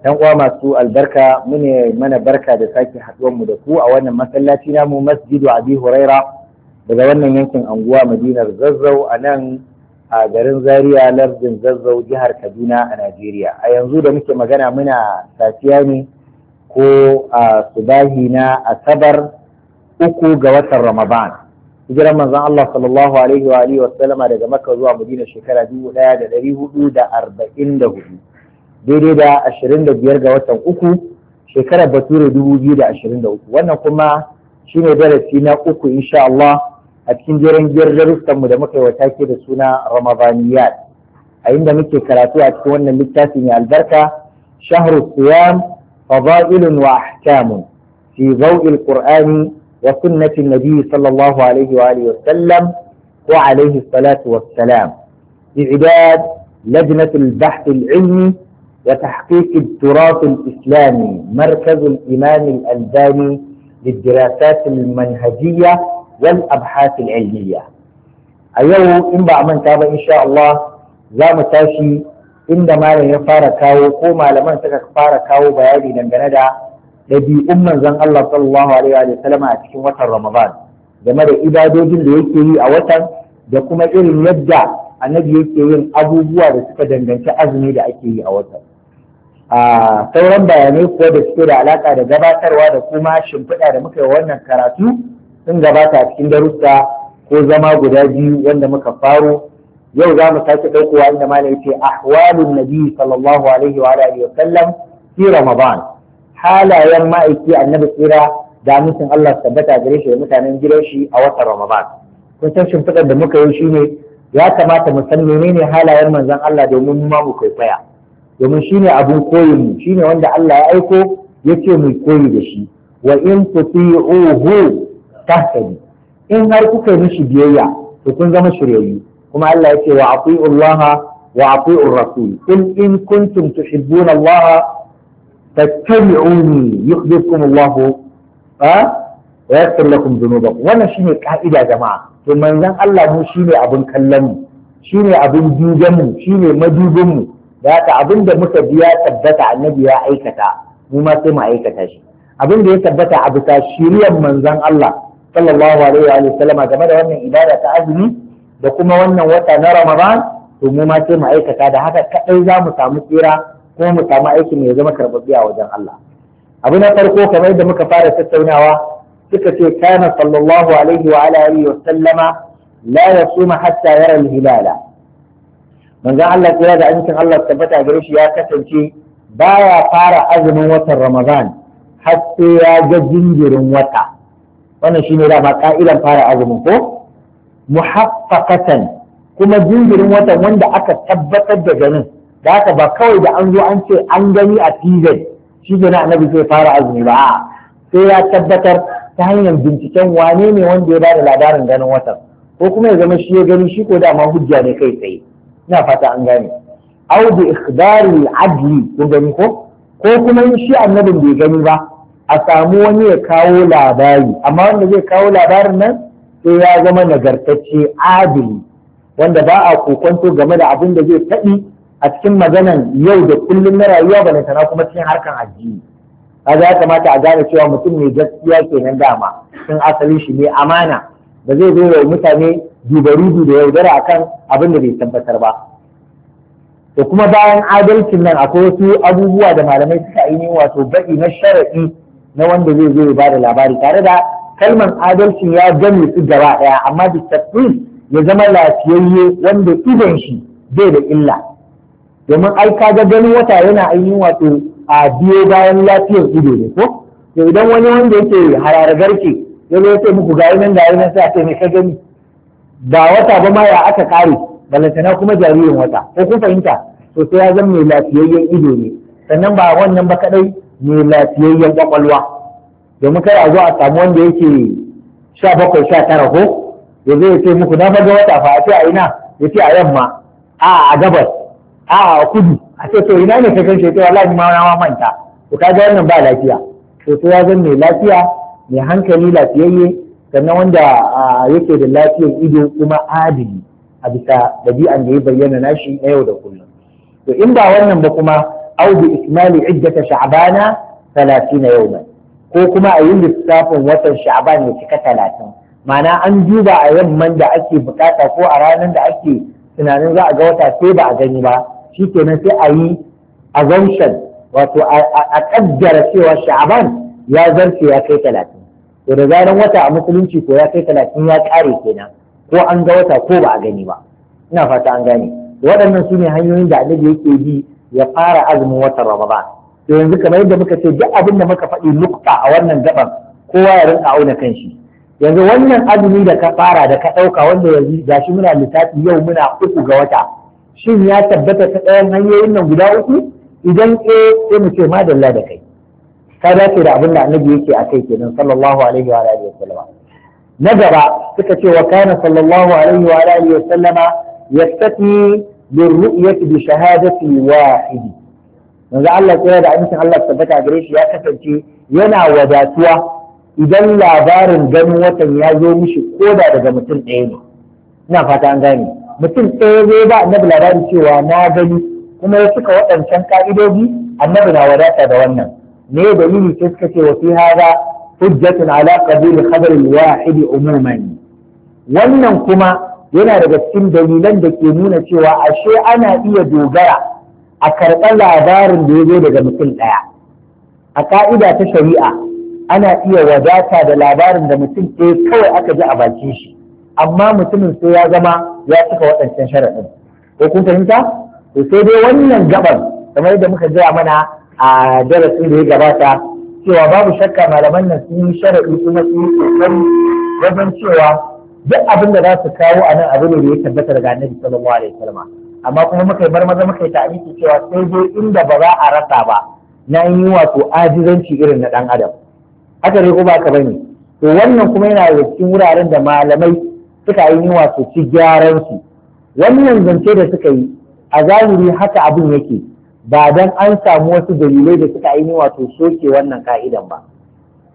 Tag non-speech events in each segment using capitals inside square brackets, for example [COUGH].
dan uwa masu albarka mune mana barka da sake haɗuwar mu da ku a wannan masallaci namu masjidu abi huraira daga wannan yankin anguwa madinar zazzau a nan a garin zaria lardin zazzau jihar kaduna a najeriya a yanzu da muke magana muna safiya ne ko a subahi na asabar uku ga watan ramadan hijiran manzon Allah sallallahu alaihi wa alihi daga makka zuwa madina shekara dubu ɗaya da ɗari hudu da arba'in da hudu daidai da ashirin da biyar ga watan uku shekarar bature dubu biyu da ashirin da uku wannan kuma shine darasi na uku insha Allah a cikin jerin darussan mu da muka yi take da suna Ramadaniyat a inda muke karatu a cikin wannan littafi mai albarka shahru siyam fadailun wa ahkamun fi dawil qur'ani wa sunnati nabi sallallahu alaihi wa alihi wa sallam wa alaihi salatu wa salam bi lajnatul bahth al-ilmi وتحقيق التراث الإسلامي مركز الإمام الألباني للدراسات المنهجية والأبحاث العلمية أيوه إن بعض من تاب إن شاء الله لا متاشي إن ما لن يفار كاو قوما لما انتكك فار كاو بيالي ننجندا لدي أم زن الله صلى الله عليه وسلم في وطن رمضان زما إبادو جل يكيه أوطن يقوم إلي يبدأ أن يكيه أبو بوا لسكة دنجنك أزمي لأكيه أوطن a sauran bayanai ko da suke da alaka da gabatarwa da kuma shimfiɗa da muka yi wannan karatu sun gabata a cikin darussa ko zama guda biyu wanda muka faro yau za mu sake ɗaukowa inda malam yace ahwalun nabi sallallahu alaihi wa alihi wa sallam fi ramadan halayen ma'aiki annabi tsira da amincin Allah tabbata gare shi da mutanen gidan shi a watan ramadan kun san shimfiɗar da muka yi shine ya kamata mu san menene halayen manzon Allah domin mu ma mu kwaikwaya domin shine abun koyin mu shine wanda Allah ya aiko yace mu koyi da shi wa in tuti'uhu tahtadi in har kuka mishi biyayya to kun zama shiryayyu kuma Allah yace wa ati'u Allah wa ati'u rasul in in kuntum tuhibbuna Allah fattabi'uni yuhibbukum Allah ha wa yaghfir lakum dhunubakum wannan shine ka'ida jama'a to manzon Allah mu shine abun kallon mu shine abun duban mu shine madubin mu da haka abin da muka biya tabbata annabi ya aikata mu ma sai mu aikata shi abin da ya tabbata a bisa shiriyar manzon Allah sallallahu alaihi wa sallama game da wannan ibada ta azumi da kuma wannan wata na Ramadan to mu ma sai mu aikata da haka kadai za mu samu tsira kuma mu samu aiki mai zama karbabbe a wajen Allah abu na farko kamar da muka fara tattaunawa suka ce kana sallallahu alaihi wa alihi wa sallama la yasuma hatta yara al-hilala manzon Allah tsira da amincin Allah tabbata gare shi ya kasance baya fara azumin watan Ramadan har sai ya ga jinjirin wata wannan shine da ba ka'idan fara azumin ko muhaffaqatan kuma jinjirin watan wanda aka tabbatar da ganin da haka ba kawai da an zo an ce an gani a TV shi ne annabi zai fara azumi ba sai ya tabbatar ta hanyar binciken wane ne wanda ya ba da labarin ganin watan ko kuma ya zama shi ya gani shi ko dama hujja ne kai tsaye ina fata an gane au bi adli kun gani ko ko kuma in shi annabin bai gani ba a samu wani ya kawo labari amma wanda zai kawo labarin nan sai ya zama nagartacce adili wanda ba a kokonto game da abin da zai faɗi a cikin maganan yau da kullum na rayuwa ba na sana kuma cikin harkan addini kaga ya kamata a gane cewa mutum ne gaskiya kenan dama sun asali shi ne amana ba zai zo wa mutane dubarudu da yaudara akan abin da bai tabbatar ba To kuma bayan adalcin nan akwai wasu abubuwa da malamai suka yi wato baɗi na sharaɗi na wanda zai zo ya ba da labari tare da kalman adalcin ya gane su gaba ɗaya amma da ya zama lafiyayye wanda idan shi zai da illa domin ai ka ga ganin wata yana ainihin wato a biyo bayan lafiyar ido ne ko to idan wani wanda yake hararagarke ya zo ce muku ga nan ga nan sai a ce me ka gani ba wata ba ma ya aka kare balantana kuma jaririn wata ko kun fahimta to sai ya zama mai lafiyayyen ido ne sannan ba wannan ba kadai mai lafiyayyen kwakwalwa domin kai a zo a samu wanda yake sha bakwai sha tara ko ya zai ce muku na faga wata fa a ce a ina ya ce a yamma a a gabas a a kudu a ce to ina ne ka kan shi ya ce wallahi ma na manta to kaga wannan ba lafiya to sai ya zama mai lafiya mai hankali lafiyayye sannan wanda yake da lafiyar ido kuma adili a bisa ɗabi'an da ya bayyana nashi na yau da kullum to in ba wannan ba kuma au bi ikmali iddata sha'bana 30 yawman ko kuma a yi lissafin watan sha'ban ya cika 30 ma'ana an duba a yamman da ake bukata ko a ranar da ake tunanin za a ga wata sai ba a gani ba shikenan sai a yi assumption wato a kaddara cewa sha'ban ya zarce ya kai 30 to da zaran wata a musulunci ko ya kai talatin ya kare kenan ko an ga wata ko ba a gani ba ina fata an gane waɗannan su ne hanyoyin da annabi yake bi ya fara azumin watan ramadan to yanzu kamar yadda muka ce duk abin da muka faɗi nukta a wannan gaban kowa ya rinka auna kanshi yanzu wannan azumi da ka fara da ka ɗauka wanda yanzu gashi muna littafi yau muna uku ga wata shin ya tabbata ta ɗayan hanyoyin nan guda uku idan eh sai mu ce madalla da kai Ka dace da abin da annabi yake a kai kenan sallallahu alaihi wa alihi wasallam na gaba suka ce wa kana sallallahu alaihi wa alihi wasallam yastafi birru'yati bi shahadati wahidi yanzu Allah tsira da amincin Allah tabbata gare shi ya kasance yana wadatuwa idan labarin ganin watan ya zo mishi koda daga mutum ɗaya ne ina fata an gane mutum ɗaya zai ba annabi labarin cewa na gani kuma ya cika waɗancan ka'idoji annabi na wadata da wannan Ne ya dalili sai suka ce wa fi hada hujjatun ala qabil khabar al-wahid umuman wannan kuma yana daga cikin dalilan da ke nuna cewa ashe ana iya dogara a karɓar labarin da ya zo daga mutum ɗaya a ka'ida ta shari'a ana iya wadata da labarin da mutum ke kawai aka ji a baki shi amma mutumin sai ya zama ya cika waɗancan sharaɗin ko kun fahimta to sai dai wannan gaban kamar yadda muka gaya mana a darasin da ya gabata cewa babu shakka malaman nan sun yi sharaɗi kuma sun yi kokari wajen cewa duk abin da za su kawo a nan abu ne da ya tabbata daga annabi sallallahu alaihi wasallam amma kuma muka bar maza muka yi ta'amiki cewa sai dai inda ba za a rasa ba na yi wato ajizanci irin na ɗan adam haka dai, ko ba ka bane to wannan kuma yana da cikin wuraren da malamai suka yi wato ci gyaran su wannan zance da suka yi a zahiri haka abin yake ba dan an samu wasu dalilai da suka aini wato soke wannan ka'idan ba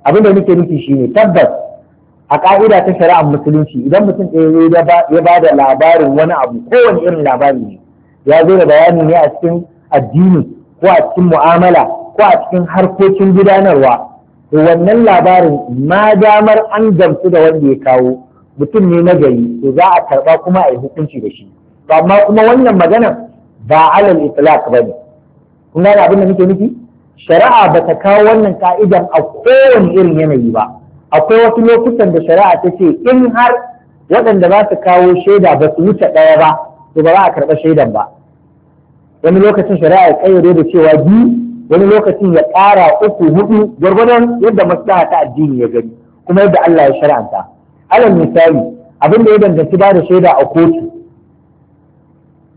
abin da muke nufi shine tabbas a ka'ida ta shari'ar musulunci idan mutum ɗaya ya ba da labarin wani abu kowane irin labari ne ya zo da bayani ne a cikin addini ko a cikin mu'amala ko a cikin harkokin gudanarwa to wannan labarin ma damar an gamsu da wanda ya kawo mutum ne na gari to za a karɓa kuma a yi hukunci da shi amma kuma wannan maganar ba alal itlaq bane kun gane abin da muke nufi shari'a ba ta kawo wannan ka'idan a kowane irin yanayi ba akwai wasu lokutan da shari'a ta ce in har waɗanda za su kawo shaida ba su wuce ɗaya ba to ba za a karɓa shaidan ba wani lokacin shari'a ya kayyade da cewa biyu wani lokacin ya ƙara uku hudu gwargwadon yadda maslaha ta addini ya gani kuma yadda Allah ya shari'anta alal misali abin da ya danganci ba da shaida a kotu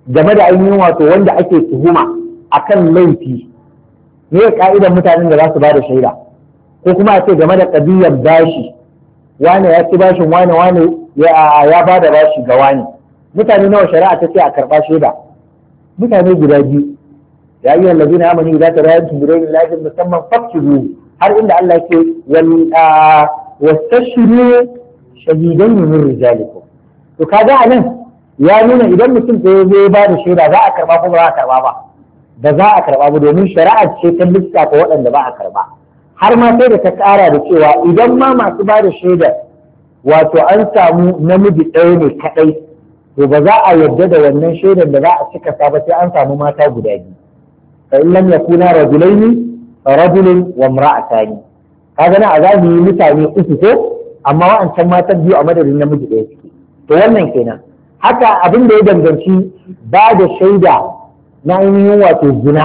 game da ainihin wato wanda ake tuhuma akan laifi ne ya ka'idan mutanen da za su ba da shaida ko kuma a ce game da ƙabiyar bashi wane ya ci bashin wane wane ya ba da bashi ga wane mutane nawa shari'a ta ce a karɓa shaida mutane guda biyu ya yi wallazi zina amani za ta rayar tubirai da lafiyar musamman fakkiru har inda Allah ke wastashiru shahidan yi min rijalikum to kaga a nan ya nuna idan mutum ɗaya zai ba da shaida za a karɓa ko ba za a karɓa ba ba za a karba ba domin shari'ar ce ta lissafa waɗanda ba a karba har ma sai da ta ƙara da cewa idan ma masu ba da shaidar wato an samu namiji ɗaya ne kaɗai to ba za a yarda da wannan shaidar da za a cika sa ba sai an samu mata guda biyu fa in lam yakuna rajulaini rajulun wa imra'atani kaga na a yi mutane uku ko amma wa'ancan matan biyu a madadin namiji ɗaya suke to wannan kenan haka abin da ya danganci ba da shaida na ainihin wato zina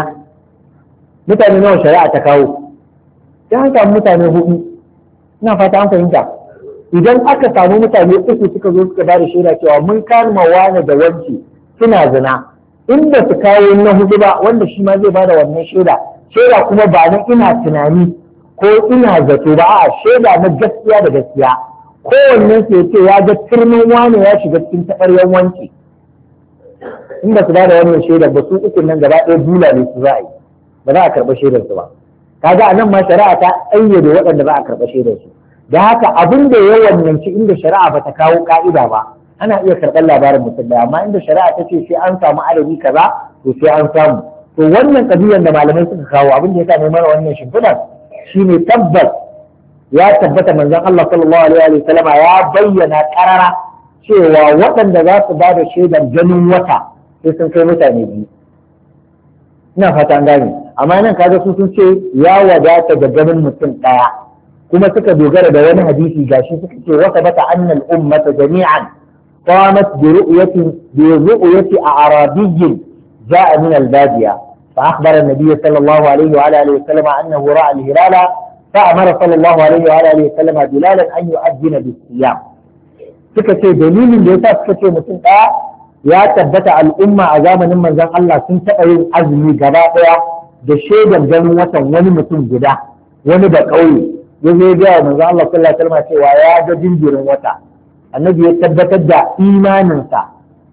mutane nawa shari'a ta kawo sai an mutane hudu ina fata an fahimta idan aka samu mutane uku suka zo suka ba da shaida cewa mun kama wani da wanki suna zina Inda su kawo na hudu ba wanda shi ma zai ba da wannan shaida shaida kuma ba na ina tunani ko ina zato ba a shaida na gaskiya da gaskiya Kowanne su ya ce ya ga turmin wani ya shiga cikin taɓaryan wanki in ba su ba da wannan shaidar ba su ukun nan gaba ɗaya dula ne su za a yi ba za a karɓa shaidar su ba kaga anan ma shari'a ta ayyade waɗanda za a karɓa shaidar su da haka abin da ya wannanci inda shari'a ba ta kawo ka'ida ba ana iya karɓar labarin mutum da amma inda shari'a ta ce sai an samu adadi kaza to sai an samu to wannan kabilan da malamai suka kawo abin da ya sa neman wannan shimfiɗar shine tabbas ya tabbata manzon Allah sallallahu alaihi wa sallama ya bayyana ƙarara. cewa waɗanda za su ba da shaidar ganin wata sai sun kai mutane biyu ina fata gane amma nan kaga su sun ce ya wadata da ganin mutum ɗaya kuma suka dogara da wani hadisi gashi suka ce wata bata annal ummata jami'an qamat bi ru'yati bi ru'yati arabiyyin ja'a min al-badiya fa akhbara an-nabiy sallallahu alaihi wa alihi wa sallam annahu ra'a al-hilala fa amara sallallahu alaihi wa alihi wa sallam bilalan an yu'addina bis-siyam suka ce dalilin da yasa suka ce mutum ɗaya ya tabbata al'umma a zamanin manzon Allah sun taɓa yin azumi gaba ɗaya da shaidar ganin watan wani mutum guda wani da ƙauye ya zo ya gaya manzon Allah sallallahu alaihi cewa ya ga jinjirin wata annabi ya tabbatar da imaninsa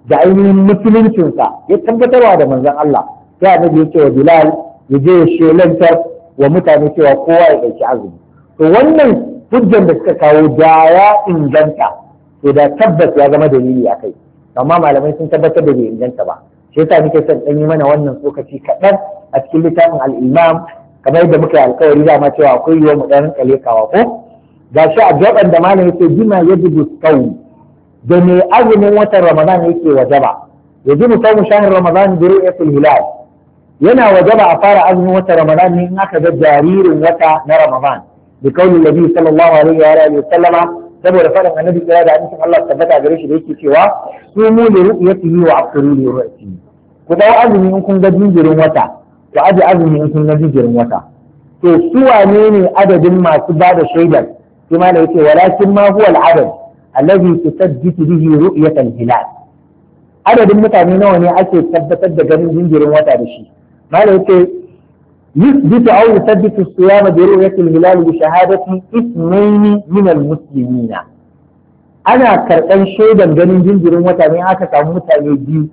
da ainihin musuluncinsa ya tabbatarwa da manzon Allah sai annabi ya ce wa Bilal ya je ya shelantar wa mutane cewa kowa ya ɗauki azumi to wannan hujjan da suka kawo da ya inganta to da tabbas ya zama dalili a kai amma malamai sun tabbatar da bai inganta ba shi yasa muke son ɗan yi mana wannan tsokaci kaɗan a cikin littafin al kamar yadda muka yi alkawari dama cewa akwai yiwuwar mu ɗan kalekawa ko ga shi a gaban da malam yake bima yajibu sawu da me azumin watan ramadan yake wajaba yajibu sawu shahr ramadan ya ru'yatil hilal yana wajaba a fara azumin watan ramadan ne in aka ga jaririn wata na ramadan bi kauli nabi sallallahu alaihi wa alihi wa sallama saboda faɗin annabi tsira da hadisin Allah tabbata gare shi da yake cewa su mu da ru'yatihi wa afsiru li ru'yatihi ku dau azumi in kun ga jinjirin wata ku aje azumi in kun ga jinjirin wata to su wane ne adadin masu ba da shaidar shi ma da yake walakin ma huwa al allazi tusaddiqu bihi ru'yat hilal adadin mutane nawa ne ake tabbatar da ganin jinjirin wata da shi malai yake يثبت أو يثبت الصيام برؤية الهلال بشهادة اثنين من المسلمين أنا كرقان شيدا جنين جنجر وتاني هكا كموتا يجي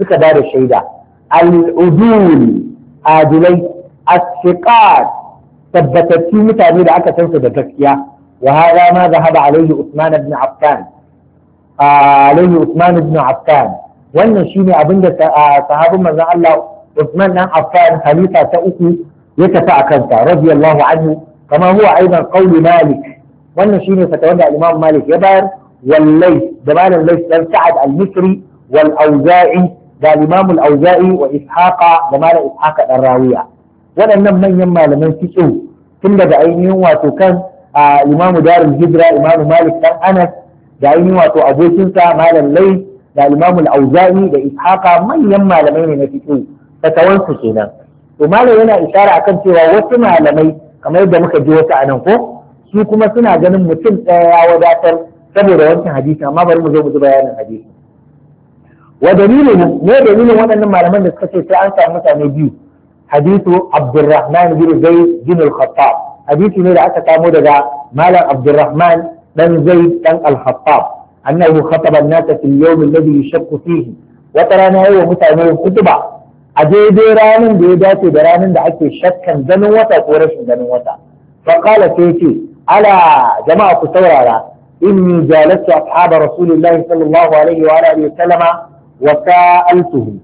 suka ba da shaida al'udul adilai asfiqat tabbatattu mutane da aka san su da gaskiya wa hada ma zahaba alaihi usman ibn affan alaihi usman ibn affan wannan shine abinda da sahabin manzon Allah Usman dan Affan halifa ta uku ya tafi a kansa radiyallahu anhu kama huwa aidan qawli Malik wannan shine fatawar da Imam Malik ya bayar wallai da malam Lays dan Sa'ad al-Misri wal Auza'i da Imam al-Auza'i wa Ishaqa da malam Ishaqa dan Rawiya waɗannan manyan malaman fiqh tun daga ainihin wato kan Imam Darul Hijra Imam Malik dan Anas da ainihin wato abokinsa malam Lai, da Imam al-Auza'i da Ishaqa manyan malamai ne na fiqh fatawansu kenan to malam yana isara akan cewa wasu malamai kamar yadda muka ji wasu anan ko su kuma suna ganin mutum ɗaya ya wadatar saboda wancan hadisi amma bari mu zo mu ji bayanin hadisi wa dalilin ne dalilin waɗannan malaman da suka ce sai an samu mutane biyu hadisu Abdurrahman bin Zaid bin Al-Khattab hadisi ne da aka samo daga malam Abdurrahman dan Zaid dan Al-Khattab annahu khataba an-nasa fil yawm alladhi yashqu fihi wa tarana yawa mutane kutuba a daidai ranar da ya dace da ranar da ake shakkan ganin wata ko rashin ganin wata fa qala sai ce ala jama'a ku saurara inni jalastu ashab rasulillahi sallallahu alaihi wa alihi sallama wa sa'altuhum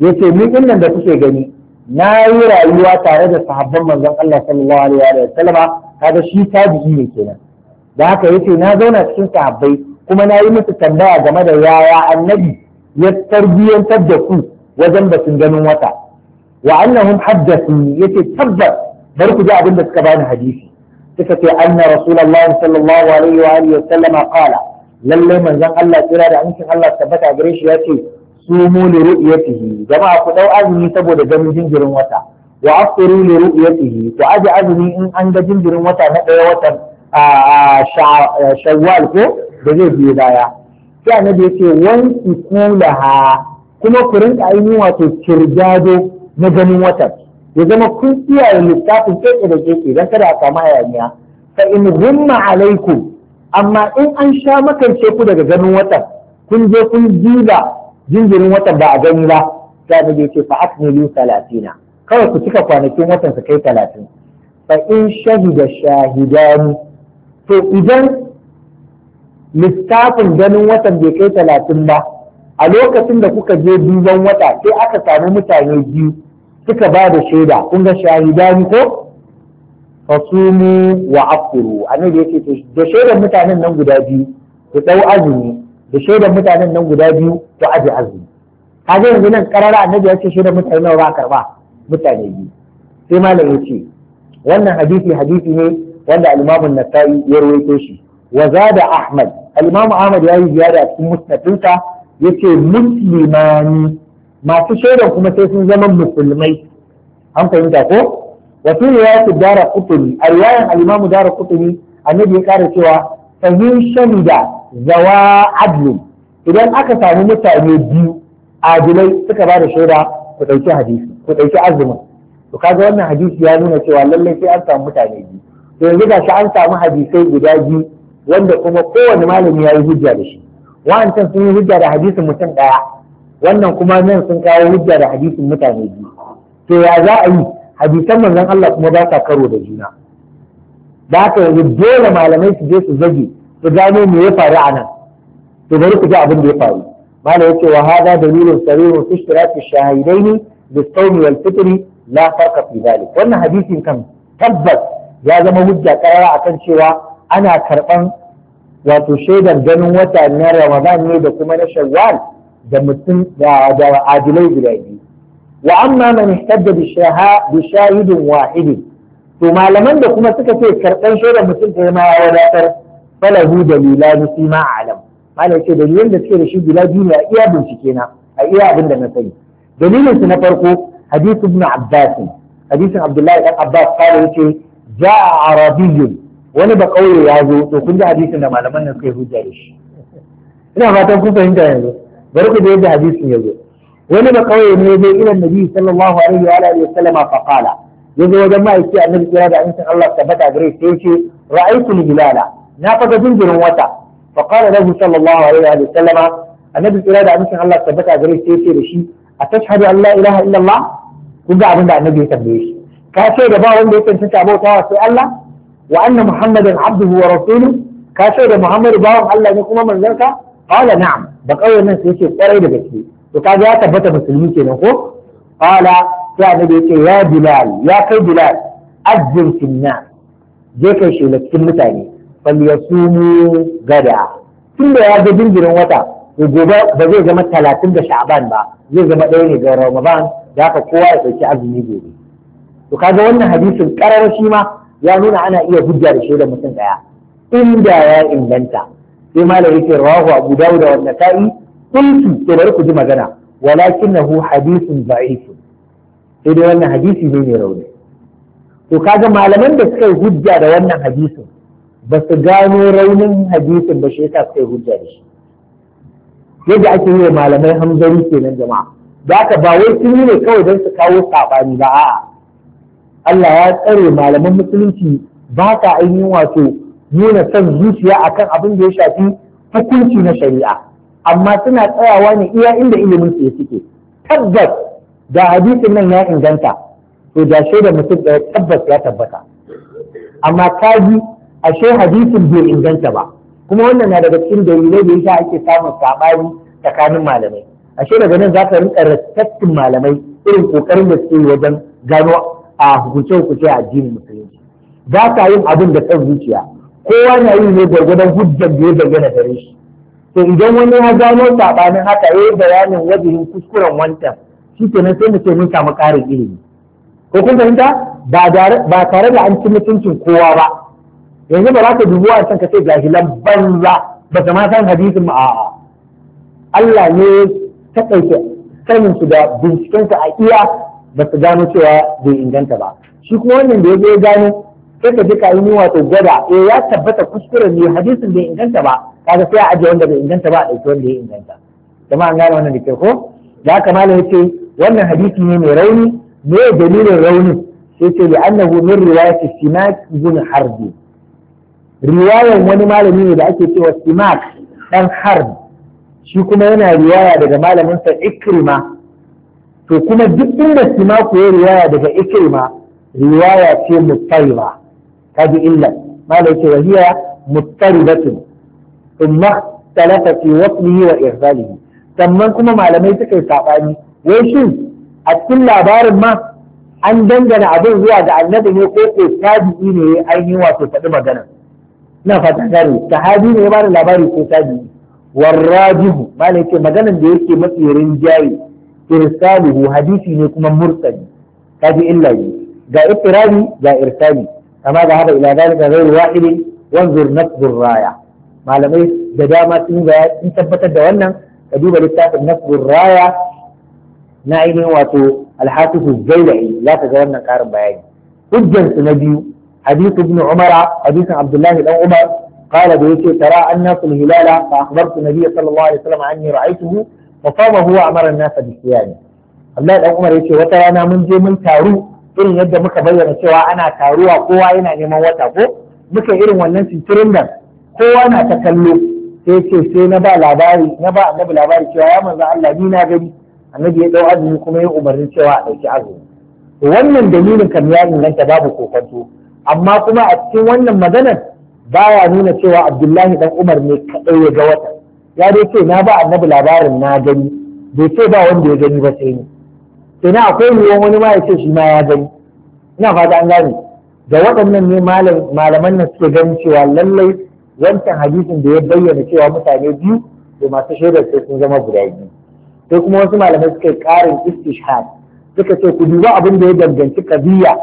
yace ni innan da kuke gani na yi rayuwa tare da sahabban manzon Allah sallallahu alaihi wa sallama kaga shi tabi'i ne kenan da haka yace na zauna cikin sahabbai kuma na yi musu tambaya game da yaya annabi ya tarbiyyantar da ku wajen basin ganin wata wa annahum haddathu yace tabbas bar ku ji abin da suka bani hadisi suka ce anna rasulullahi sallallahu alaihi wa alihi sallama qala lalle manzon Allah tsira da amincin Allah tabbata gare shi yace sumu li ru'yatihi jama'a ku dau azumi saboda ganin jinjirin wata wa afsiru li ru'yatihi ku aji azumi in an ga jinjirin wata na ɗaya watan shawwal ko da zai biyo baya sai annabi yace wanki kulaha kuma ku rinka ainihin wato kirgado na ganin watan ya zama kun kiyaye littafin keke da keke don kada a samu hayaniya fa in humma alaiku. amma in an sha makance ku daga ganin watan kun je kun jiba jinjirin watan ba a gani ba ta da yake fa akmilu talatina kawai ku cika kwanakin watan su kai talatin fa in shahida shahidani to idan littafin ganin watan bai kai talatin ba a lokacin da kuka je duban wata sai aka samu mutane biyu suka ba da shaida kun ga shahidani ko fasumu wa afuru annabi yake to da shaidan mutanen nan guda biyu ku dau azumi da shaidan mutanen nan guda biyu ku aje azumi kaga yanzu nan karara annabi ya ce shaidan mutane nawa ba karba mutane biyu sai malam ya ce wannan hadisi hadisi ne wanda al-Imam an-Nasa'i ya rawaito shi wa zada Ahmad al-Imam Ahmad ya yi ziyara cikin musnadinsa yace musulmani masu shaidan kuma sai sun zama musulmai an fahimta ko wato ya ku dara kutuni a riwayan dara annabi ya kara cewa fahin shamida zawa adlu idan aka samu mutane biyu adilai suka ba da shaida ku ɗauki hadisi ku ɗauki azumin to kaga wannan hadisi ya nuna cewa lallai sai an samu mutane biyu to yanzu shi an samu hadisai guda biyu wanda kuma kowane malami ya yi hujja da shi wa'ancan sun yi hujja da hadisin mutum ɗaya wannan kuma nan sun kawo hujja da hadisin mutane biyu to ya za a yi hadisan manzon Allah kuma ba sa karo da juna da haka yanzu dole malamai su je su zage su gano me ya faru a nan to bari ku ji abin da ya faru malam yace wa hada dalilun sarihun fi ishtiraki shahidaini bi sawmi wal fitri la farqa fi dhalik wannan hadisin kan tabbas ya zama hujja karara akan cewa ana karban wato shaidar ganin wata na Ramadan ne da kuma na Shawwal da mutum da adilai guda biyu wa amma man ihtadda bi shahidin wahidi to malaman da kuma suka ce karban shaidar mutum da ma ya wadatar falahu dalilani fi ma alam malam ce dalilan da suke da shi guda biyu ne a iya bincike na a iya abin da na sani dalilin su na farko hadith ibn abbas hadisin abdullahi dan abbas kawai yace ja'a arabiyyun wani ba kauye ya zo to kun ji hadisin da malaman nan suka yi hujja da shi ina fatan kun fahimta yanzu bari ku da yadda hadisin ya zo wani ba kauye ne ya zo ila nabi sallallahu alaihi wa alihi wasallama fa qala ya zo wajen ma'aiki annabi kira da amincin Allah tabbata gare shi yace ra'aytu hilala na faga jinjirin wata fa qala lahu sallallahu alaihi wa sallama annabi kira da amincin Allah tabbata gare shi yace da shi atashhadu an la ilaha illallah kun ga abin da annabi ya tambaye shi ka ce da ba wanda ya tantance bautawa sai Allah wa anna muhammadan abduhu wa rasuluhu ka ce da muhammadu bawan Allah ne kuma manzon ka qala na'am ba kauyen nan sai ce kwarai da gaske to kaga ya tabbata musulmi kenan ko qala sai annabi yace ya bilal ya kai bilal azzin finna je kai shela cikin mutane fal yasumu gada tunda ya ga jinjirin wata gobe ba zai zama talatin da sha'aban ba zai zama ɗaya ne ga ramadan da haka kowa ya ɗauki azumi gobe to kaga wannan hadisin ƙarar shi ma ya nuna ana iya hujja da shaidar mutum daya inda ya inganta sai malam yake rawahu abu dawud wa nasa'i kuntu to bari ku ji magana walakinahu hadithun da'if sai dai wannan hadisi ne mai rauni to kaga malaman da suka yi hujja da wannan hadisin ba su gano raunin hadisin ba shi yasa suka yi hujja da shi yadda ake yi wa malamai hamzari kenan jama'a da ba wai sun yi ne kawai don su kawo saɓani ba a'a Allah ya tsare malaman musulunci ba ta ainihin wato nuna son zuciya akan abin da ya shafi hukunci na shari'a amma suna tsayawa ne iya inda ilimin su ya suke tabbas da hadisin nan ya inganta to da mutum ɗaya tabbas ya tabbata amma kaji ashe hadisin bai inganta ba kuma wannan na daga cikin dalilai da yasa ake samun sabani tsakanin malamai ashe daga nan za ka rinka respectin malamai irin kokarin da suke wajen gano a hukunce-hukunce a addinin musulunci Za ka yin abin da kan zuciya kowa na yi ne gwargwadon hujjar da ya bayyana gare shi to idan wani ya gano sabanin haka ya yi bayanin wajihin kuskuren wancan shi nan sai mu ce mun samu ƙarin ilimi ko kun fahimta ba tare da an ci mutuncin kowa ba yanzu ba za ka dubu a can ka ce jahilan banza ba ta ma san hadisin ma a'a Allah ne ya taƙaita sanin da binciken a iya ba su gano cewa bai inganta ba shi kuma wannan da ya zo ya gano sai ka ji ka yi wato gwada eh ya tabbata kuskuren ne hadisin bai inganta ba kaga sai a ajiye wanda bai inganta ba a ɗauki wanda ya inganta jama'a an gane wannan da ke ko da haka malam yace wannan hadisi ne mai rauni me dalilin raunin sai ce li'annahu min riwayati simak ibn harbi Riwayar wani malami ne da ake cewa simak dan harbi shi kuma yana riwaya daga malamin sa ikrima to kuma duk inda ku yi riwaya daga ikirma riwaya ce ta kaji illa mala yake wa hiya muttaribatun thumma talata fi waslihi wa irzalihi sannan kuma malamai suka yi sabani wai shin a cikin labarin ma an dangana abin zuwa ga annabi ne ko ko tabi'i ne ainihin wato faɗi magana ina fata gane sahabi ne ya bada labari ko tabi'i warrajihu malai yake maganan da yake mafi rinjaye irsaluhu hadisi ne kuma mursali kaji illa ne ga ittirabi ga irsali kamar ga hada ila zalika ghairu wahidin wanzur nasbur raya malamai da dama sun ga sun tabbatar da wannan ka littafin nasbur raya na ainihin wato alhafifu zailai za ka ga wannan karin bayani hujjansu na biyu hadisi ibn umara hadisin abdullahi dan umar قال بيتي ترى الناس الهلال فأخبرت النبي صلى الله عليه وسلم عني رأيته fa qama huwa amara an-nasa bi siyami Allah dan Umar yace wata rana mun je mun taru irin yadda muka bayyana cewa ana taruwa kowa yana neman wata ko muka irin wannan sintirin nan kowa na ta kallo sai ce sai na ba labari na ba labari cewa ya manzo Allah ni na gani annabi ya dau azumi kuma ya umarni cewa a dauki azumi to wannan dalilin kan ya inganta babu kokonto amma kuma a cikin wannan maganar baya nuna cewa Abdullahi Ɗan Umar ne kadai ya ga wata ya dai ce na ba annabi labarin na gani bai ce ba wanda ya gani ba sai ni ina akwai yiwuwar wani ma ya ce shi ma ya gani ina fata an gane da waɗannan ne malaman nan suke ganin cewa lallai wancan hadisin da ya bayyana cewa mutane biyu da masu shaidar sai sun zama guda biyu sai kuma wasu malamai suka yi ƙarin istishhad suka ce ku duba abin da ya danganci kabiya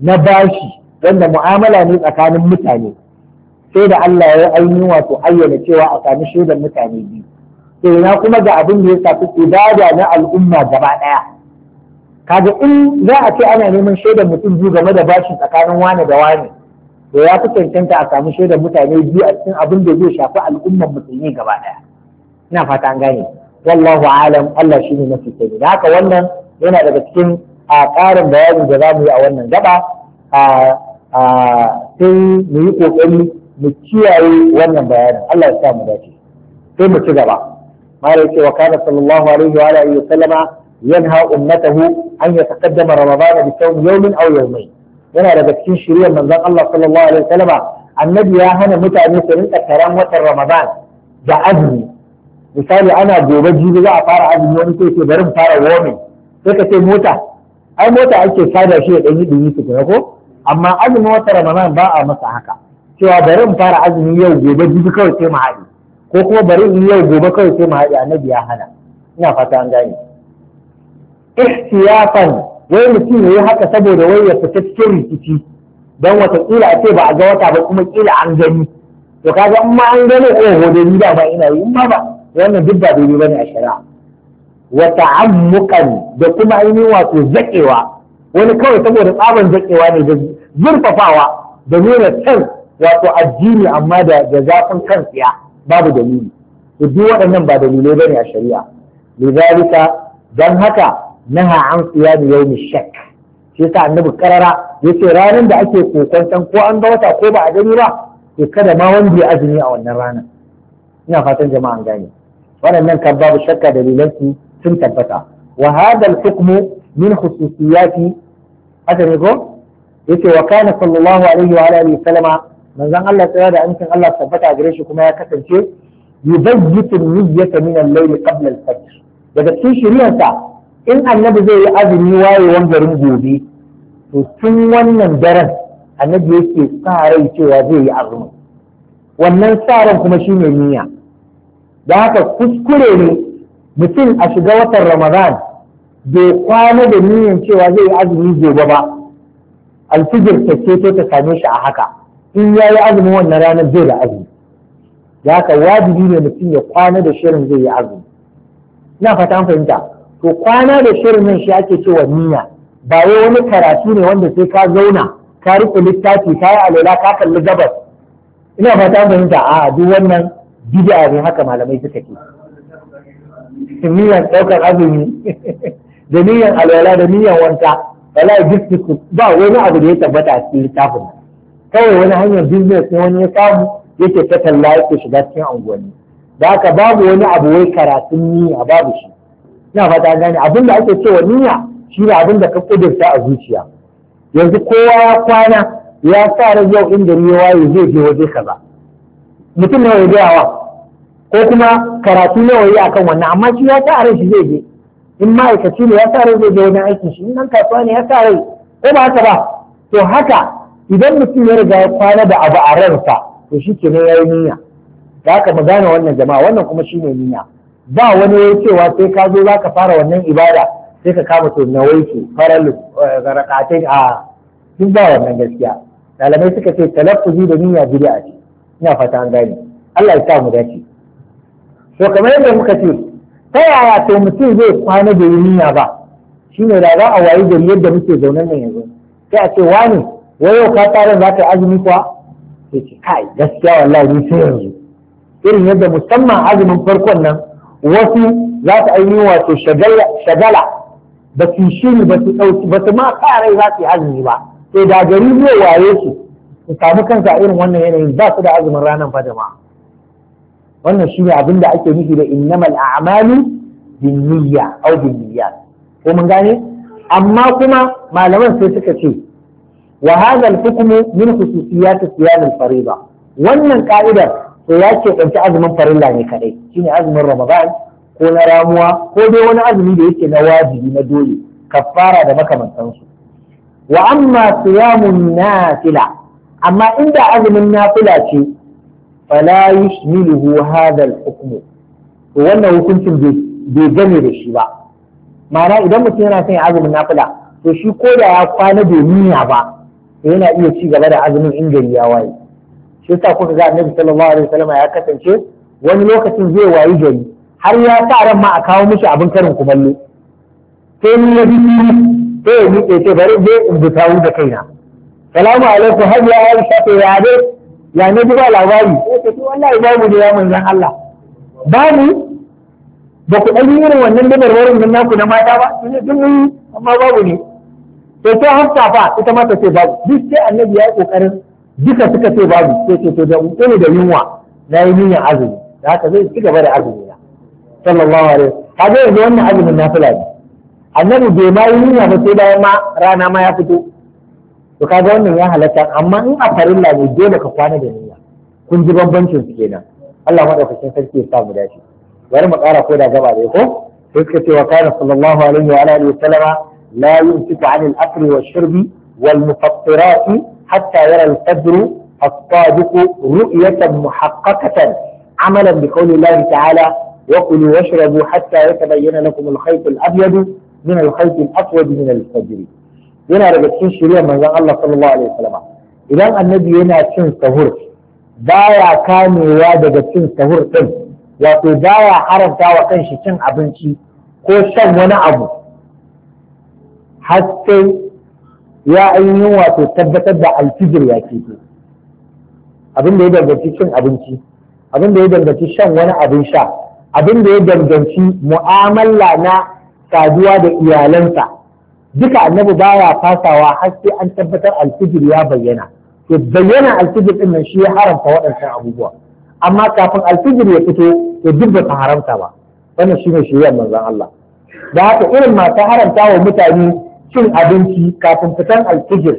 na bashi wanda mu'amala ne tsakanin mutane sai da Allah ya ainihin wato ayyana cewa a sami shaidar mutane biyu sai na kuma ga abin da ya shafi ibada na al'umma gaba ɗaya kaga in za a ce ana neman shaidar mutum biyu game da bashi tsakanin wane da wane da ya fi cancanta a sami shaidar mutane biyu a cikin abin da zai shafi al'ummar musulmi gaba ɗaya ina fata an gane wallahu alam Allah shine mafi sani da haka wannan yana daga cikin a ƙarin bayanin da za mu yi a wannan gaba sai mu yi ƙoƙari mu kiyaye wannan bayanin Allah ya sa mu dace sai mu ci gaba Malam yace wa kana sallallahu alaihi wa alihi wa sallama yanha ummatahu an yataqaddama ramadana bi sawm yawmin aw yawmayn yana daga cikin shiriyar manzon Allah sallallahu alaihi wa annabi ya hana mutane su rinka taron watan ramadan da azumi misali ana gobe jibi za a fara azumi wani sai ce bari fara warming sai ka ce mota ai mota ake sada shi ya ɗanyi ɗumi su ko amma azumin watan ramadan ba a masa haka cewa bari in fara azumi yau gobe jibi kawai sai mu haɗe ko kuma bari in yau gobe kawai sai mu haɗe annabi ya hana ina fata an gane ihtiyafan wai mutum ya yi haka saboda wai ya fita cikin rikici don watakila a ce ba a ga wata ba kuma kila an gani to kaga in ma an gani ko oh, gobe ni da ba ina yi in ma ba wannan duk ba daidai bane a shari'a wa ta'ammuqan da kuma ainihin wato zakewa wani kawai saboda tsaban zakewa ne da zurfafawa da nuna can wato addini amma da da zafin kan tsiya babu dalili to duk waɗannan ba dalilai bane a shari'a lidalika dan haka naha an siyami yawmi shakk shi yasa annabi karara yace ranar da ake kokon ko an ga wata ko ba a gani ba to kada ma wanda ya azumi a wannan ranar ina fatan jama'a an gane waɗannan kan babu shakka dalilan su sun tabbata wa hada al-hukmu min khususiyati haka ne ko yace wa kana sallallahu alaihi wa alihi sallama manzon Allah tsaya da amincin Allah tabbata gare shi kuma ya kasance yubayyitu niyyata min al-layl qabla al-fajr daga cikin shiriyarsa in annabi zai yi azumi wayewan garin gobe to tun wannan daren annabi yake sa rai cewa zai yi azumi wannan sa ran kuma shine niyya da haka kuskure ne mutum a shiga watan ramadan bai kwana da niyyar cewa zai yi azumi gobe ba alfijir ta ce ta same shi a haka in ya yi azumin wannan ranar zai da azumi da haka wajibi ne mutum ya kwana da shirin zai yi azumi ina fata an fahimta to kwana da shirin nan shi ake cewa niyya ba wai wani karatu ne wanda sai ka zauna ka rufe littafi ka yi alola ka kalli gabas ina fata an fahimta a duk wannan bid'a ne haka malamai suka ce niyyar ɗaukar azumi [LAUGHS] da niyyar alwala da niyyar wanka wala duk ba wani abu da ya tabbata a cikin littafin kawai wani hanyar business ne wani ya samu yake ta talla yake shiga cikin unguwanni da haka babu wani abu wai karatun niyya babu shi ina fata gane abin da ake cewa niyya shi ne abin da ka kudurta a zuciya yanzu kowa ya kwana ya sa ran yau inda ni waye zai je waje kaza mutum nawa ya gayawa ko kuma karatu nawa yi akan wannan amma shi ya sa ran shi zai je in ma'aikaci ne ya sa ran zai je wajen aikin shi in nan kasuwa ne ya sa rai ko ba haka ba to haka idan mutum ya riga ya kwana da abu a ransa to shi ke ya yi niyya za ka mu gane wannan jama'a wannan kuma shi ne niyya ba wani ya cewa sai ka zo za ka fara wannan ibada sai ka kama to na waiki farar eh, rakatai a duk ba wannan gaskiya malamai suka ce talaffuzi da niyya bid'a ce ina fata an gane Allah ya sa mu dace to kamar yadda muka ce ta yaya to mutum zai kwana da niyya ba shine da za a wayi gari yadda muke zaune nan yanzu sai a ce wani yau ka fara za ka yi azumi kuwa sai ce kai gaskiya wallahi ni sai yanzu irin yadda musamman azumin farkon nan wasu za su aini wato shagala ba su shiri ba su ɗauki ba su ma za su yi azumi ba sai da gari zai waye su su samu kansa irin wannan yanayin ba su da azumin ranar fa Wannan shi ne abin da ake nufi da innamal a'malu binniyya au binniyat ko mun gane amma kuma malaman sai suka ce wa hadha al-hukmu min khususiyat siyam wannan ka'idar to ya ce ɗauki azumin farilla ne kadai shine azumin ramadan ko na ramuwa ko dai wani azumi da yake na wajibi na dole kafara da makamantansu wa amma siyamun nafila amma inda azumin nafila ce fala yushmiluhu hadha al-hukmu to wannan hukuncin bai gane da shi ba ma'ana idan mutum yana son azumin nafila to shi ko da ya kwana da niyya ba yana iya ci gaba da azumin in gari ya waye shi yasa kuka ga annabi sallallahu alaihi wasallam ya kasance wani lokacin zai wayi gari har ya sa ran ma a kawo mishi abin karin kumallo sai ni ya bi sai ya miƙe sai bari dai in bi da kaina salamu alaikum har ya aisha ta ya dai ya ne ba labari sai ta wallahi babu da ya manzan Allah babu ba ku ɗan irin wannan dabarwarin nan naku na mata ba sun yi amma babu ne sai ta hafsa fa ita ma ta ce babu duk sai annabi ya yi kokarin duka suka ce babu sai ce to da ne da yunwa na yi niyyar azumi da haka zai ci gaba da azumi na sallallahu alaihi kaga yanzu wannan azumin na nafila ne annabi bai ma yi niyya ba sai bayan ma rana ma ya fito to kaga wannan ya halatta amma in a farilla ne dole ka kwana da niyya kun ji bambancin su kenan Allah madaukakin sarki ya sa mu dace bari mu ƙara ko da gaba da ko sai suka ce wa kana sallallahu alaihi wa alihi wa sallama لا يمسك عن الاكل والشرب والمفطرات حتى يرى القدر الصادق رؤية محققة عملا بقول الله تعالى وكلوا واشربوا حتى يتبين لكم الخيط الابيض من الخيط الاسود من الفجر. هنا رجعتين شريعة من الله صلى الله عليه وسلم. إذا النبي هنا شن سهور بايا كان يوادى جتين سهور كم يقول بايا حرم تاوى كنش شن ابنشي كو شن ونا haske ya ainihin wato tabbatar da alfijir ya ke abin da ya danganci cin abinci abin da ya danganci shan wani abin sha abin da ya danganci mu'amala na saduwa da iyalansa duka annabi baya fasawa har sai an tabbatar alfijir ya bayyana to bayyana alfijir din nan shi ya haramta waɗancan abubuwa amma kafin alfijir ya fito to duk ba haramta ba wannan shine shirya manzon Allah da haka irin masu haramta wa mutane cin abinci kafin fitan alfijir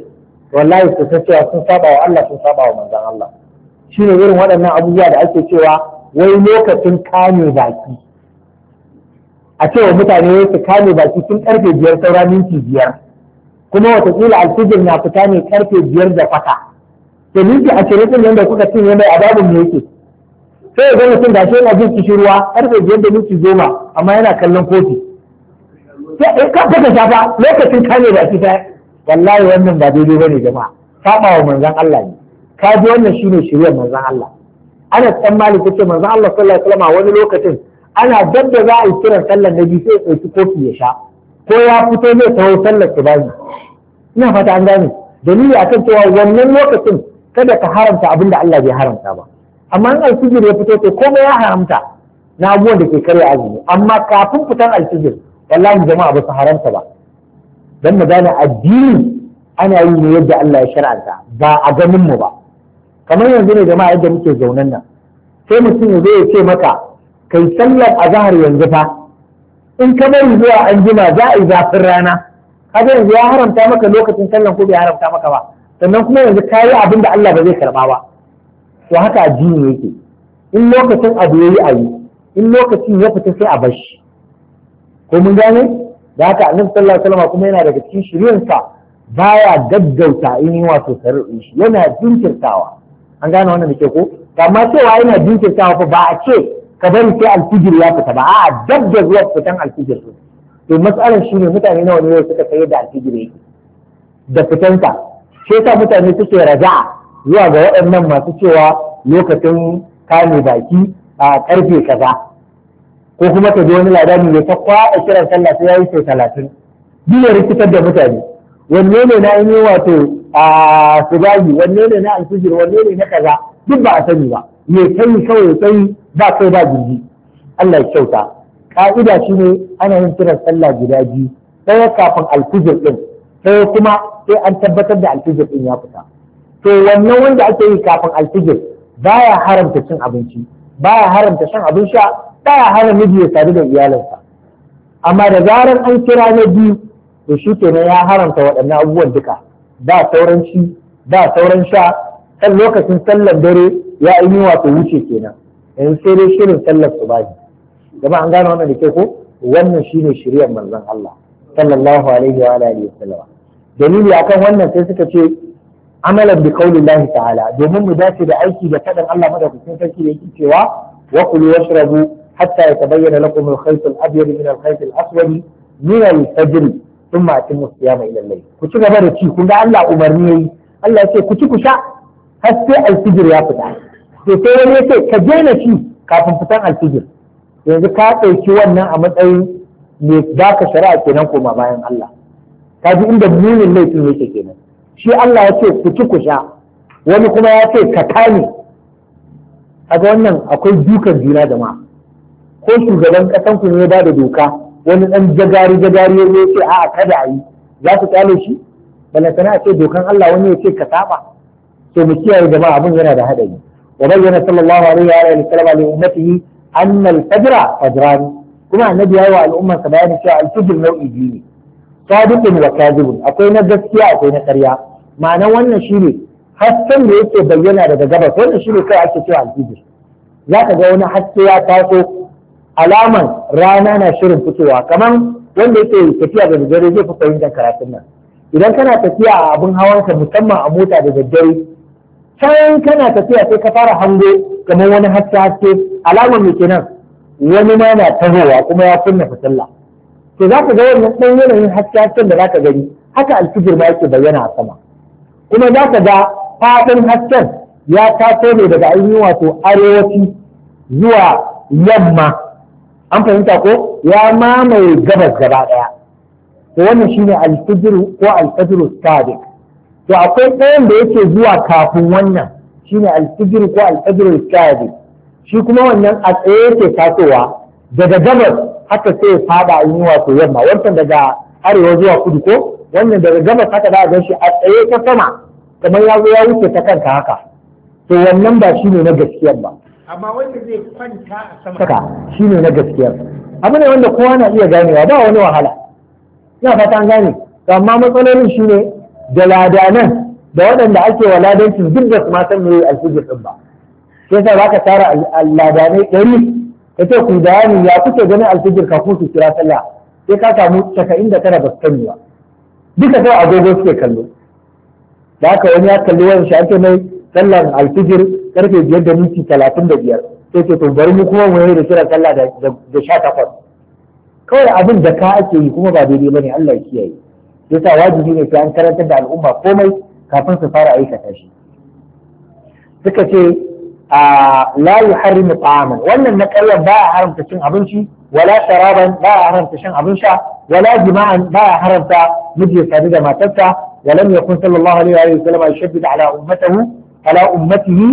wallahi su ta cewa sun saba wa Allah sun saba wa manzon Allah shine irin waɗannan abubuwa da ake cewa wai lokacin kame baki a cewa mutane su kame baki tun karfe biyar saura minti biyar kuma watakila alfijir na fita ne karfe biyar da fata da minti ashirin ɗin yadda kuka cinye mai babin ne yake sai ya gani sun gashi yana jin ruwa, karfe biyar da minti goma amma yana kallon kofi in ka saka shafa lokacin ka ne baki ta wallahi wannan ba daidai bane jama'a saba wa manzon Allah ne ka ji wannan shine shiryar manzon Allah Anas dan Malik yace manzon Allah sallallahu alaihi wasallam wani lokacin ana dabba za a yi kiran sallar nabi sai ya ɗauki kofi ya sha ko ya fito zai taho sallar ta bani ina fata an gane dalili akan cewa wannan lokacin kada ka haramta abin da Allah bai haramta ba amma in alfijir ya fito to komai ya haramta na abubuwan da ke karya azumi amma kafin fitan alfijir wallahi jama'a ba su haramta ba dan mu gane addini ana yi ne yadda Allah ya shar'anta ba a ganin mu ba kamar yanzu ne jama'a yadda muke zaunan nan sai mutum ya zo ya ce maka kai sallar azhar yanzu fa in ka bari zuwa anjima za a yi zafin rana kaga yanzu ya haramta maka lokacin sallan ko bai haramta maka ba sannan kuma yanzu ka yi abin da Allah ba zai karba ba to haka addini yake in lokacin abu yayi a yi in lokacin ya fita sai a bar shi ko mun gane da haka annabi sallallahu alaihi wasallam kuma yana daga cikin shirinsa baya gaggauta in wato sarrafin shi yana jinkirtawa an gane wannan da ke ko amma cewa yana jinkirtawa fa ba a ce ka bari sai alfijir ya fita ba a'a dab zuwa fitan alfijir su to matsalar shine mutane nawa ne suka sayar da alfijir yake da fitanta. shi mutane suke raja'a zuwa ga waɗannan masu cewa lokacin kame baki a karfe kaza ko kuma ka ji wani ladani ne ta kwaɗa kiran sallah sai ya yi sau talatin duk rikitar da mutane wanne ne na yi wato a wanne ne na alfijir wanne ne na kaza duk ba a sani ba me kai kawai ya tsayi ba kai ba jirgi Allah ya kyauta ka'ida shi ne ana yin kiran sallah guda biyu ɗaya kafin alfijir ɗin sai kuma sai an tabbatar da alfijir ɗin ya fita to wannan wanda ake yi kafin alfijir baya haramta cin abinci baya haramta shan abin sha ɗaya hana miji ya sadu da iyalinsa amma da zarar an kira na biyu da shi kenan ya haramta waɗannan abubuwan duka ba sauran ba sauran sha kan lokacin sallar dare ya yi wato wuce kenan yanzu sai dai shirin sallar su bani gama an gane wannan da ke ko wannan shine shiryar manzon Allah sallallahu alaihi wa alihi dalili akan wannan sai suka ce amalan bi qaulillahi ta'ala domin mu dace da aiki da faɗin Allah madaukakin sarki da yake cewa wa kulu washrabu حتى يتبين لكم الخيط الأبيض من الخيط الأسود من الفجر ثم أتموا الصيام إلى الليل كنت غبر شي كنت الله أمرني الله يقول كنت كشا حتى الفجر يا فتاة sai wani ya ce ka daina shi kafin fitan alfijir yanzu ka ɗauki wannan a matsayin me za ka shari'a kenan koma bayan Allah ka ji inda munin laifin yake kenan shi Allah ya ce ku ci ku sha wani kuma ya ce ka kame kaga wannan akwai dukan juna jama'a ko shugaban ƙasan ku ne ba da doka wani ɗan jagari jagari ya zo ce a'a kada a yi za su kyale shi balantana a ce dokan Allah wani ya ce ka saba to mu kiyaye jama'a abin yana da haɗari wa bayyana sallallahu alaihi wa alihi wasallam li ummatihi An al-fajr fajran kuma annabi ya yi wa al'umma sa bayani cewa al-fajr nau'i biyu ne sadiqun wa kadhibun akwai na gaskiya akwai na ƙarya ma'ana wannan shine hasken da yake bayyana daga gabas wannan shine kai ake cewa al-fajr zaka ga wani haske ya taso alaman rana na shirin fitowa kamar wanda yake tafiya da daddare zai fi fahimtar karatun nan idan kana tafiya a abin ka, musamman a mota da daddare can kana tafiya sai ka fara hango kamar wani haske haske alamar mai kenan wani ma na tahowa kuma ya kunna fitilla to za ka ga wannan ɗan yanayin haske hasken da za ka gani haka alfijir ma yake bayyana a sama kuma za ka ga faɗin hasken ya taso ne daga ainihin wato arewaci zuwa yamma an fahimta ko ya mamaye gabas gaba ɗaya to wannan shine al-fajr ko al-fajr sadiq to akwai ɗayan da yake zuwa kafin wannan shine al-fajr ko al-fajr sadiq shi kuma wannan a tsaye yake tasowa daga gabas haka sai fada an yi wato yamma wancan daga arewa zuwa kudu ko wannan daga gabas haka za a gan shi a tsaye ta sama kamar ya ya wuce ta kanka haka to wannan ba shine na gaskiya ba amma wanda zai kwanta a sama shi ne na gaskiya abu ne wanda kowa na iya ganewa ba wani wahala ina fata an gane amma matsalolin shine da ladanan da waɗanda ake wa ladancin duk da su ma san alfijir ɗin ba sai sa zaka tara ladanai ɗari ka ce ku bayani ya kuke ganin alfijir kafin su kira sallah sai ka samu casa'in da tara ba ba duka sai agogo suke kallo da haka wani ya kalli wani shi ake mai sallar alfijir karfe biyar da minti talatin da biyar sai ce to bari mu kuma mu da kiran sallah da sha takwas kawai abin da ka ake yi kuma ba daidai bane Allah ya kiyaye yasa wajibi ne sai an karantar da al'umma komai kafin su fara aikata shi suka ce la yuharrimu ta'aman wannan na ƙaryar ba a haramta cin abinci wala sharaban ba a haramta shan abin sha wala jima'an ba a haramta miji ya sadu da matarsa walam yakun sallallahu alaihi wa sallam yashaddid ala ummatahu ala ummatihi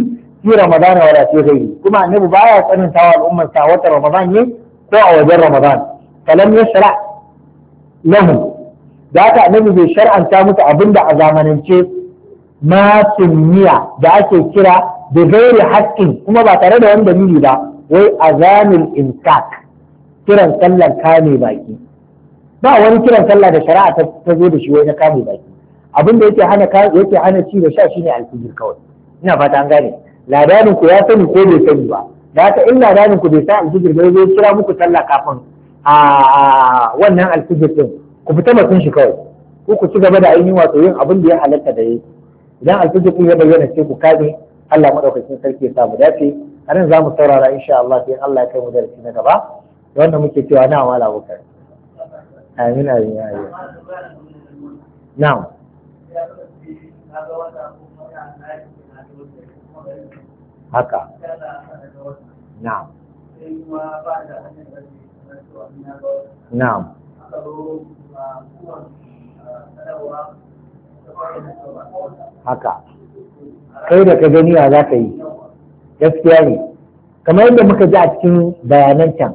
fi ramadana wala fi ghairi kuma annabi baya tsananta wa al'ummar sa wata ramadan ne ko a wajen ramadan falam yashra lahum da haka annabi bai shar'anta musu abinda a zamanance ma miya da ake kira da gairi haƙƙin kuma ba tare da wani dalili ba wai azamin insak kiran sallar kame baki ba wani kiran sallah da shari'a ta zo da shi wai na kame baki abinda yake hana yake hana ci da sha shine alfijir kawai ina fata an gane labarin ku ya sani ko bai sani ba da haka in labarin ku bai sa alfijir ba zai kira muku sallah kafin a wannan alfijir din ku fita mutun shi kawai ko ku ci gaba da ainihin wato yin abin da ya halatta da yake idan alfijir din ya bayyana sai ku kame Allah madaukakin sarki ya samu dace a nan za mu saurara insha Allah sai Allah ya kai mu darasi na gaba wanda muke cewa na wala bukar amin amin amin na'am haka na'am na'am haka kai da ka gani ya za ka yi gaskiya ne kamar yadda muka ji a cikin bayanan can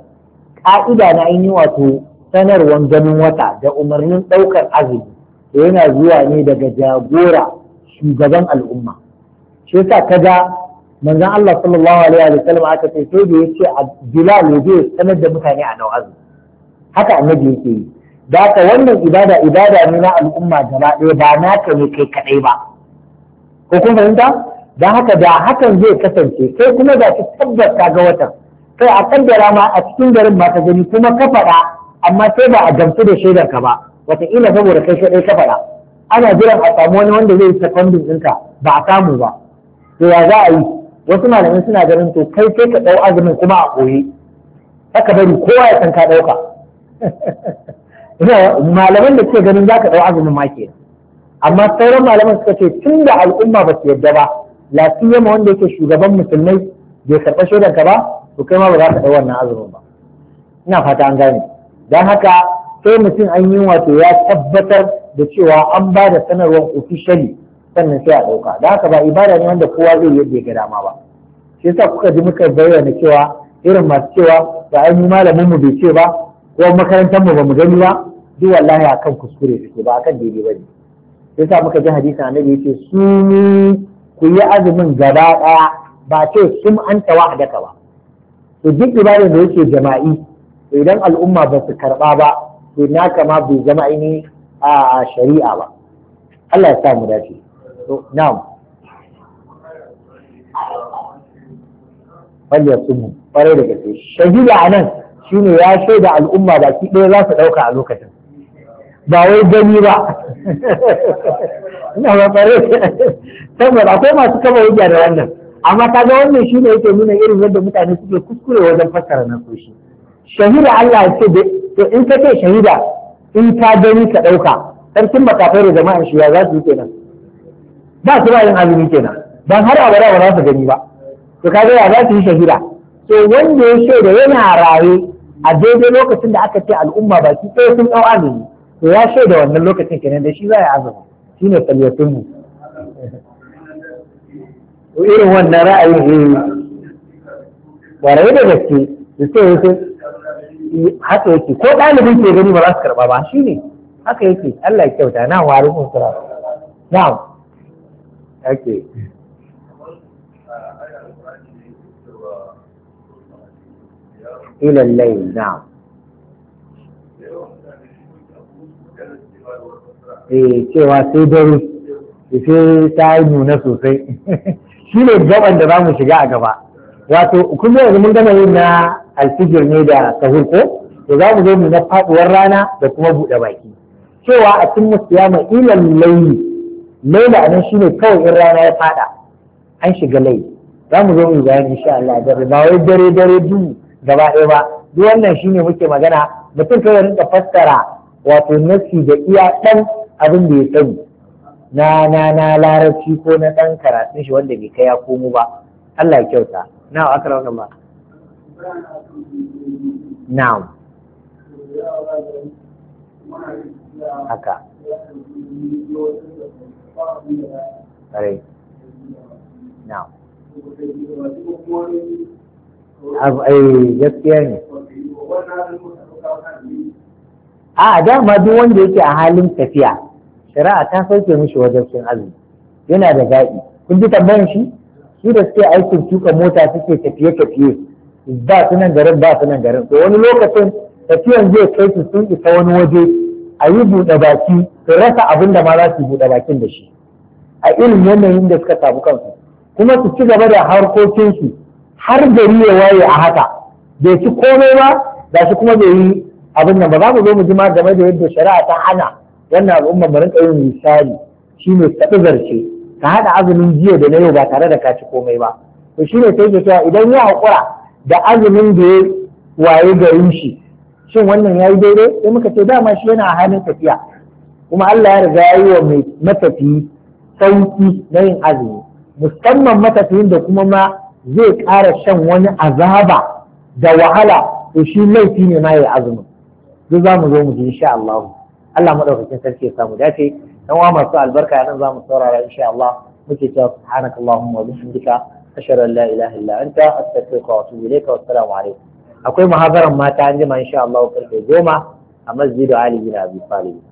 ƙa'ida na yi wato sanarwar ganin wata da umarnin ɗaukar azumi yana zuwa ne daga jagora shugaban al'umma shi yasa ga. manzon Allah sallallahu alaihi wa sallam aka ce sai da yace Bilal ne zai sanar da mutane a nawaz haka annabi yake yi da ka wannan ibada ibada ne na al'umma gaba ɗaya ba naka ne kai kadai ba ko kun fahimta da haka da hakan zai kasance sai kuma za ki tabbata ga watan sai a kaddara ma a cikin garin ma ka gani kuma ka faɗa amma sai ba a gamsu da shaidar ka ba wataƙila saboda kai kaɗai ka faɗa ana jiran a samu wani wanda zai yi seconding ɗinka ba a samu ba to ya za a yi wasu malamai suna ganin to kai sai ka ɗau azumin kuma a koyi haka bari kowa ya san ka ɗauka [LAUGHS] malaman da ke ganin za ka ɗau azumin ma amma sauran malaman suka ce tun da al'umma ba su yadda ba lafiyama wanda yake shugaban musulmai bai karɓa shaidan ka ba to kai ma ba za ka ɗau wannan azumin ba ina fata an gane don haka sai mutum an yi wato ya tabbatar da cewa an ba da sanarwar ofishali sannan sai a ɗauka da haka ba ibada ne wanda kowa zai yadda ya ga dama ba shi yasa kuka ji muka bayyana cewa irin masu cewa ba an yi malamin mu bai ce ba ko makarantar mu ba mu gani ba duk wallahi akan kuskure suke ba akan daidai ne. sai sa muka ji hadisin annabi yace su ku yi azumin gaba ɗaya ba ce sun an tawa daka ba to duk ibadar da yake jama'i to idan al'umma ba su karɓa ba to na kama bai zama ainihin a shari'a ba Allah ya sa mu dace na'am falyar sumu da gaske shahida a nan ne ya shaida al'umma baki ɗaya za su ɗauka a lokacin ba wai gani ba ina ba kwarai saboda akwai masu kama hujja da wannan amma ta ga wannan shine yake nuna irin yadda mutane suke kuskure wajen fassara na soshi shahida Allah ya ce to in ka ce shahida in ka gani ka ɗauka sarkin makafai da jama'a shi ya za su yi kenan ba su bayan yin azumi kenan dan har abada ba za su gani ba to kaga ya za su yi shahira. to wanda ya shaida yana raye a daidai lokacin da aka ce al'umma baki ɗaya sun ɗau azumi to ya shaida wannan lokacin kenan da shi za ya azumi shi ne mu irin wannan ra'ayin ne waraye da gaske da sai wasu haka yake ko ɗalibin ke gani ba za su karɓa ba shi ne haka yake Allah ya kyauta na warin sura na'am ake ilallai na eh, cewa sai dare sai ta yi nuna sosai [LAUGHS] shi ne gaban da za mu shiga a gaba wato kuma yanzu mun gama yin na alfijir ne da sahur ko to za mu zo mu na faduwar rana da kuma buɗe baki cewa a cin musu ilan ilallai laila a nan ne kawai in rana ya fada an shiga lai za mu zo mu bayani insha Allah da ba wai dare dare duk gaba ɗaya ba duk wannan shine muke magana mutum kawai ka fassara wato nasi da iya ɗan abin da ya sani na na na larabci ko na ɗan karatun shi wanda bai kai ya komo ba Allah ya kyauta na aka wannan ba na'am haka A'a, Ai, eh, gaskiya A dama duk wanda yake a halin tafiya, shari'a ta sauke mishi wajen cin azumi. Yana da zaɓi. Kun ji tambayan shi? Shi da suke aikin tuka mota suke tafiye-tafiye. Ba su nan garin ba su nan garin. To wani lokacin tafiyan zai kai su sun isa wani waje a yi buɗe baki su rasa abin da ma za su buɗe bakin da shi a irin yanayin da suka samu kansu kuma su ci gaba da harkokinsu har gari ya waye a haka bai ci komai ba ga shi kuma bai yi abin nan ba za mu zo mu ji ma game da yadda shari'a ta hana wannan al'umma mu rinka yin misali shine saɗi zarce ka haɗa azumin jiya da na yau ba tare da ka ci komai ba to shine sai ke cewa idan ya haƙura da azumin da ya waye garin shi shin wannan yayi daidai sai muka ce dama shi yana a halin tafiya kuma Allah ya riga ya yi wa mai matafiyi sauki na yin azumi musamman matafiyin da kuma ma zai ƙara shan wani azaba da wahala to shi laifi ne ma ya azumin duk za mu zo mu ji insha Allah Allah madaukakin sarki ya samu dace dan wa masu albarka nan za mu saurara insha Allah muke cewa subhanakallahumma wa bihamdika ashhadu an la ilaha illa anta astaghfiruka wa atubu ilayka wa assalamu alaikum akwai muhazaran mata an jima insha Allah karfe goma a masjidu Ali bin Abi Talib